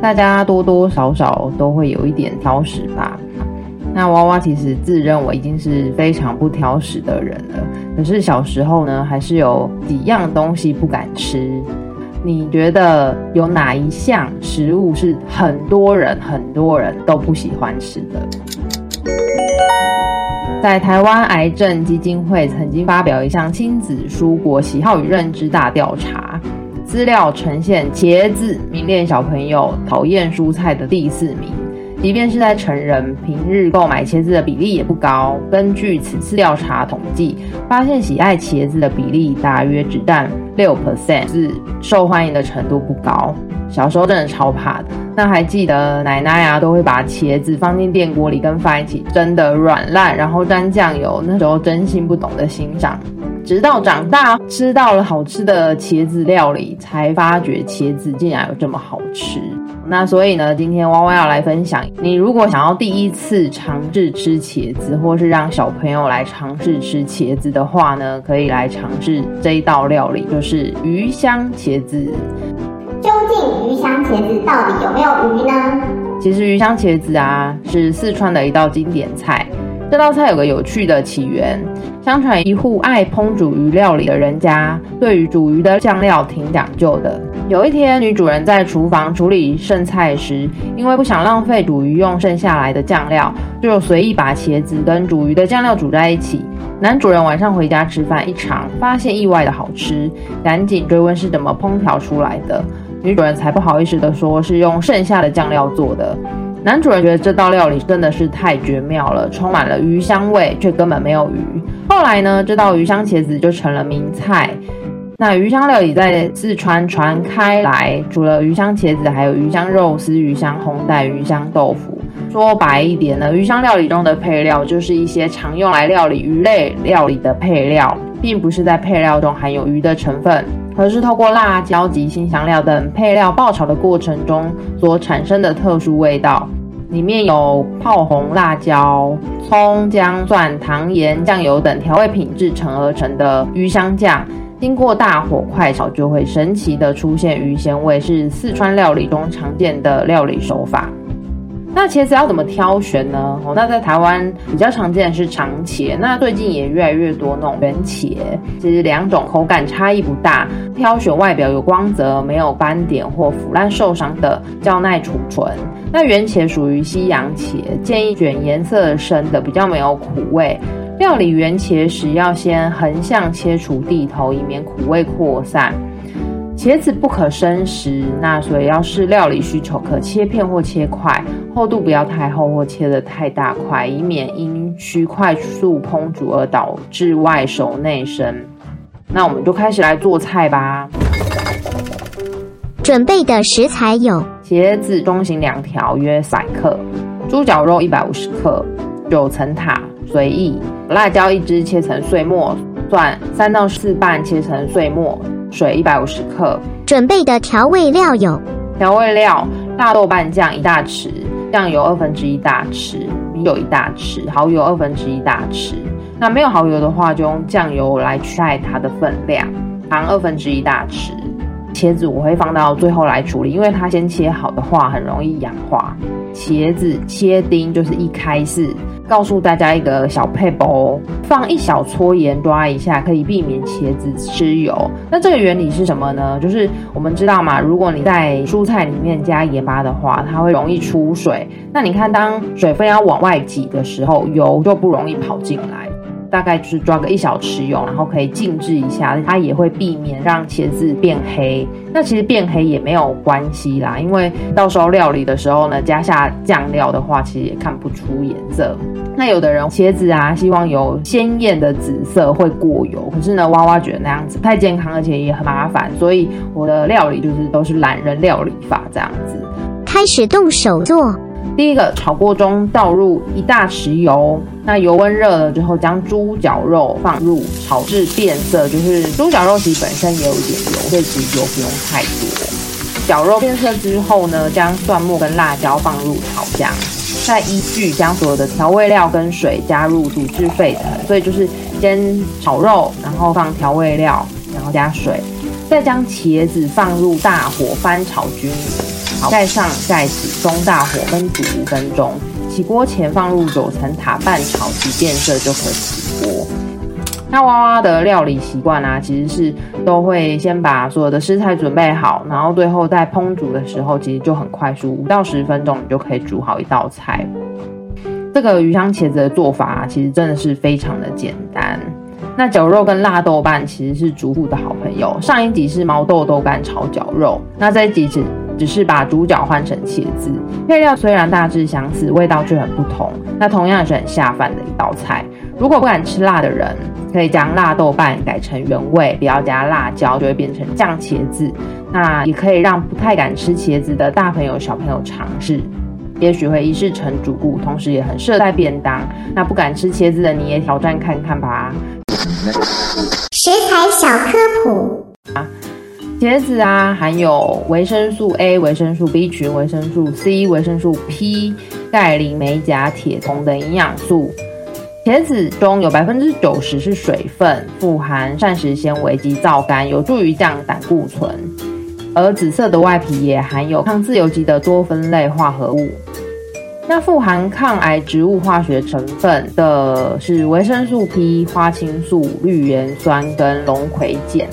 大家多多少少都會有一點挑食吧？那娃娃其實自認為已經是非常不挑食的人了，可是小時候呢，還是有幾樣東西不敢吃。你覺得有哪一項食物是很多人很多人都不喜歡吃的？在台灣癌症基金會曾經發表一項親子蔬果喜好與認知大調查。資料呈現：茄子名列小朋友討厭蔬菜的第四名。即便是在成人平日購買茄子的比例也不高。根據此次調查統計，發現喜愛茄子的比例大約只占6%，是受歡迎的程度不高。小時候真的超怕的，那還記得奶奶啊，都會把茄子放進電鍋裡跟飯一起蒸的軟爛，然後沾醬油。那時候真心不懂得欣賞，直到長大吃到了好吃的茄子料理，才發覺茄子竟然有這麼好吃。那所以呢，今天蛙蛙要來分享，你如果想要第一次嘗試吃茄子，或是讓小朋友來嘗試吃茄子的話呢，可以來嘗試這一道料理，就是魚香茄子。究竟魚香茄子到底有沒有魚呢？其實魚香茄子啊，是四川的一道經典菜。這道菜有個有趣的起源，相傳一戶愛烹煮魚料理的人家，對於煮魚的醬料挺講究的。有一天，女主人在廚房處理剩菜時，因為不想浪費煮魚用剩下來的醬料，就隨意把茄子跟煮魚的醬料煮在一起。男主人晚上回家吃飯一嘗，發現意外的好吃，趕緊追問是怎麼烹調出來的。女主人才不好意思地說是用剩下的醬料做的。男主人覺得這道料理真的是太絕妙了，充滿了魚香味，卻根本沒有魚。後來呢，這道魚香茄子就成了名菜。那魚香料理在四川傳開來，除了魚香茄子，還有魚香肉絲、魚香紅帶、魚香豆腐。說白一點呢，魚香料理中的配料就是一些常用來料理魚類料理的配料，並不是在配料中含有魚的成分，而是透過辣椒及辛香料等配料爆炒的過程中所產生的特殊味道。裡面有泡紅辣椒、蔥、薑、蒜、糖、鹽、醬油等調味品制成而成的魚香醬，經過大火快炒，就會神奇的出現魚鮮味，是四川料理中常見的料理手法。那茄子要怎麼挑選呢？哦，那在台灣比較常見的是長茄，那最近也越來越多那種圓茄。其實兩種口感差異不大。挑選外表有光澤、沒有斑點或腐爛受傷的較耐儲存。那圓茄屬於西洋茄，建議選顏色深的，比較沒有苦味。料理圓茄時要先橫向切除蒂頭，以免苦味擴散。茄子不可生食，那所以要視料理需求，可切片或切塊，厚度不要太厚或切得太大塊，以免因需快速烹煮而導致外熟內生。那我們就開始來做菜吧。準備的食材有：茄子中型兩條約400克，豬絞肉一百五十克，九層塔隨意，辣椒一支切成碎末，蒜三到四瓣切成碎末。水一百五十克，準備的調味料有：調味料，辣豆瓣醬一大匙，醬油二分之一大匙，米酒一大匙，蠔油二分之一大匙。那沒有蠔油的話，就用醬油來取代它的分量。糖二分之一大匙。茄子我會放到最後來處理，因為它先切好的話很容易氧化。茄子切丁就是一開四，告訴大家一個小撇步哦，放一小撮鹽抓一下，可以避免茄子吃油。那這個原理是什麼呢？就是我們知道嘛，如果你在蔬菜裡面加鹽巴的話，它會容易出水。那你看，當水分要往外擠的時候，油就不容易跑進來。大概就是抓個一小匙油，然後可以靜置一下，它也會避免讓茄子變黑。那其實變黑也沒有關係啦，因為到時候料理的時候呢，加下醬料的話，其實也看不出顏色。那有的人茄子啊，希望有鮮豔的紫色會過油，可是呢，蛙蛙覺得那樣子不太健康，而且也很麻煩，所以我的料理就是都是懶人料理法這樣子，開始動手做。第一個，炒鍋中倒入一大匙油，那油溫熱了之後，將豬絞肉放入炒至變色，就是豬絞肉其實本身也有一點油，所以其實油不用太多的。絞肉變色之後呢，將蒜末跟辣椒放入炒香，再依據將所有的調味料跟水加入煮至沸騰。所以就是先炒肉，然後放調味料，然後加水，再將茄子放入大火翻炒均勻。蓋上蓋子，中大火燜煮五分鐘。起鍋前放入九層塔，半炒至變色就可以起鍋。那蛙蛙的料理習慣啊，其實是都會先把所有的食材準備好，然後最後在烹煮的時候，其實就很快速，五到十分鐘你就可以煮好一道菜。這個魚香茄子的做法啊，其實真的是非常的簡單。那絞肉跟辣豆瓣其實是主婦的好朋友。上一集是毛豆豆瓣炒絞肉，那這一集只是把主角換成茄子，配料雖然大致相似，味道卻很不同。那同樣也是很下飯的一道菜。如果不敢吃辣的人，可以將辣豆瓣改成原味，不要加辣椒，就會變成醬茄子。那也可以讓不太敢吃茄子的大朋友、小朋友嘗試，也許會一試成主顧，同時也很適合在便當。那不敢吃茄子的你也挑戰看看吧。食材小科普。茄子啊，含有維生素 A、維生素 B 群、維生素 C、維生素 P、鈣、磷、鎂、鉀、鐵、銅等營養素。茄子中有百分之九十是水分，富含膳食纖維及皂苷，有助於降膽固醇。而紫色的外皮也含有抗自由基的多酚類化合物。那富含抗癌植物化學成分的是維生素 P、花青素、綠原酸跟龍葵鹼。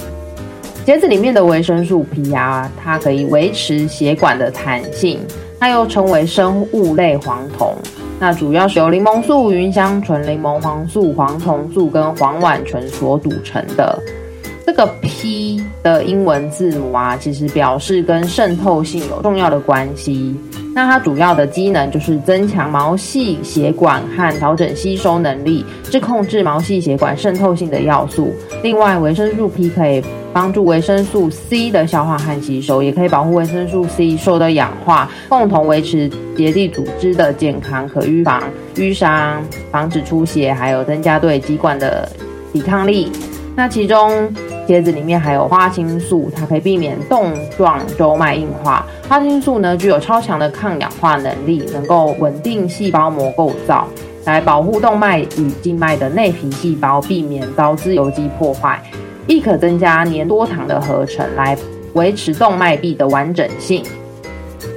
茄子裡面的維生素 P 啊，它可以維持血管的彈性，它又稱為生物類黃酮，那主要是由檸檬素、芸香醇、檸檬黃素、黃酮素跟黃烷醇所組成的。的這個 P 的英文字母啊，其實表示跟滲透性有重要的關係。那它主要的機能就是增強毛細血管和調整吸收能力，是控制毛細血管滲透性的要素。另外，維生素 P 可以，幫助維生素 C 的消化和吸收，也可以保護維生素 C 不受到氧化，共同維持結締組織的健康，可預防淤傷，防止出血，還有增加對疾管的抵抗力。那其中，茄子裡面還有花青素，它可以避免動脈粥樣硬化。花青素呢，具有超強的抗氧化能力，能夠穩定細胞膜構造，來保護動脈與靜脈的內皮細胞，避免遭自由基破壞。亦可增加黏多糖的合成，來維持動脈壁的完整性。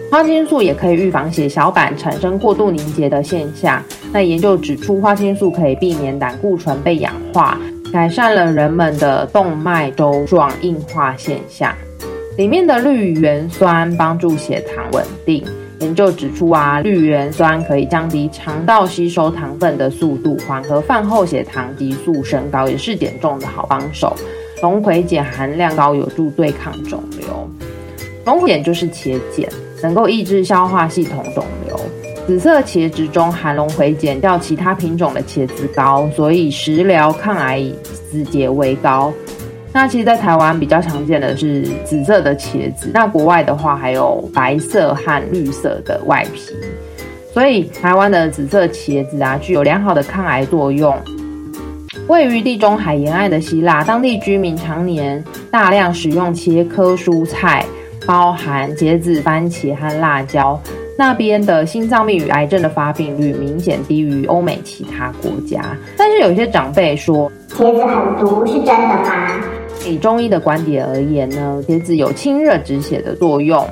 花青素也可以預防血小板產生過度凝結的現象。那研究指出，花青素可以避免膽固醇被氧化，改善了人們的動脈粥狀硬化現象。裡面的綠原酸幫助血糖穩定。研究指出啊，綠原酸可以降低腸道吸收糖分的速度，緩和飯後血糖急速升高，也是減重的好幫手。龍葵鹼含量高，有助對抗腫瘤。龍葵鹼就是茄鹼，能夠抑制消化系統腫瘤。紫色茄子中含龍葵鹼較其他品種的茄子高，所以食療抗癌以紫茄為高。那其實，在台灣比較常見的是紫色的茄子。那國外的話，還有白色和綠色的外皮。所以，台灣的紫色茄子啊，具有良好的抗癌作用。位於地中海沿岸的希臘，當地居民常年大量使用茄科蔬菜，包含茄子、番茄和辣椒。那邊的心臟病與癌症的發病率明顯低於歐美其他國家。但是有一些長輩說，茄子很毒是真的嗎？以中醫的觀點而言呢，茄子有清熱止血的作用。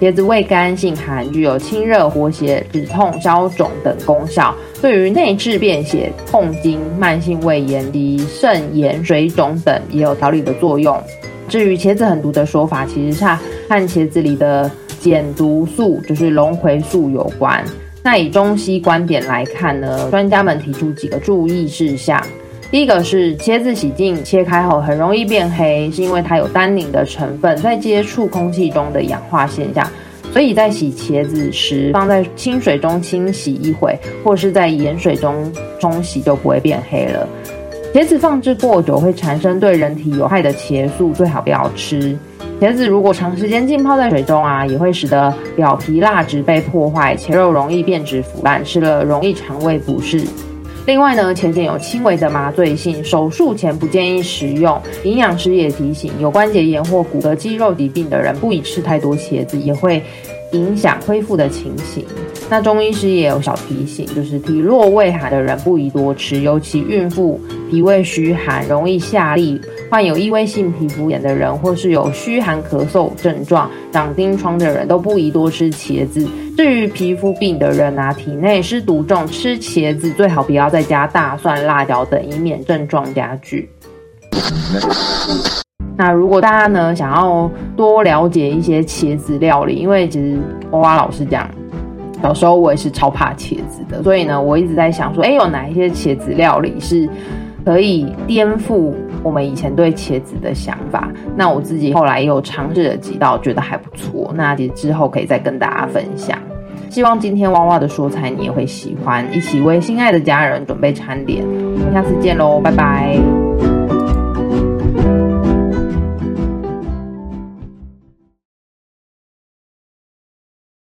茄子味甘性寒，具有清熱活血、止痛消腫等功效，對於內痔便血、痛經、慢性胃炎、鼻腎炎、水腫等也有調理的作用。至於茄子很毒的說法，其實它和茄子裡的鹼毒素，就是龍葵素有關。那以中西觀點來看呢，專家們提出幾個注意事項。第一個是茄子洗淨切開後很容易變黑，是因為它有單寧的成分，在接觸空氣中的氧化現象，所以在洗茄子時放在清水中清洗一回，或是在鹽水中沖洗就不會變黑了。茄子放置過久會產生對人體有害的茄素，最好不要吃。茄子如果長時間浸泡在水中啊，也會使得表皮蠟質被破壞，茄肉容易變質腐爛，吃了容易腸胃不適。另外呢，茄鹼有輕微的麻醉性，手術前不建議食用。營養師也提醒，有關節炎或骨骼肌肉疾病的人不宜吃太多茄子，也會影響恢復的情形。那中醫師也有小提醒，就是體弱胃寒的人不宜多吃，尤其孕婦脾胃虛寒，容易下痢。患有異位性皮膚炎的人，或是有虛寒咳嗽症狀、長疔瘡的人都不宜多吃茄子。至於皮膚病的人啊，體內濕毒重，吃茄子最好不要再加大蒜、辣椒等，以免症狀加劇。那個、那如果大家呢想要多了解一些茄子料理，因為其實蛙蛙老師講，小時候我也是超怕茄子的，所以呢我一直在想說，哎，有哪一些茄子料理是可以顛覆我們以前對茄子的想法。那我自己後來又嘗試了幾道，覺得還不錯。那也之後可以再跟大家分享。希望今天蛙蛙的說菜你也會喜歡，一起為心愛的家人準備餐點。我們下次見嘍，拜拜。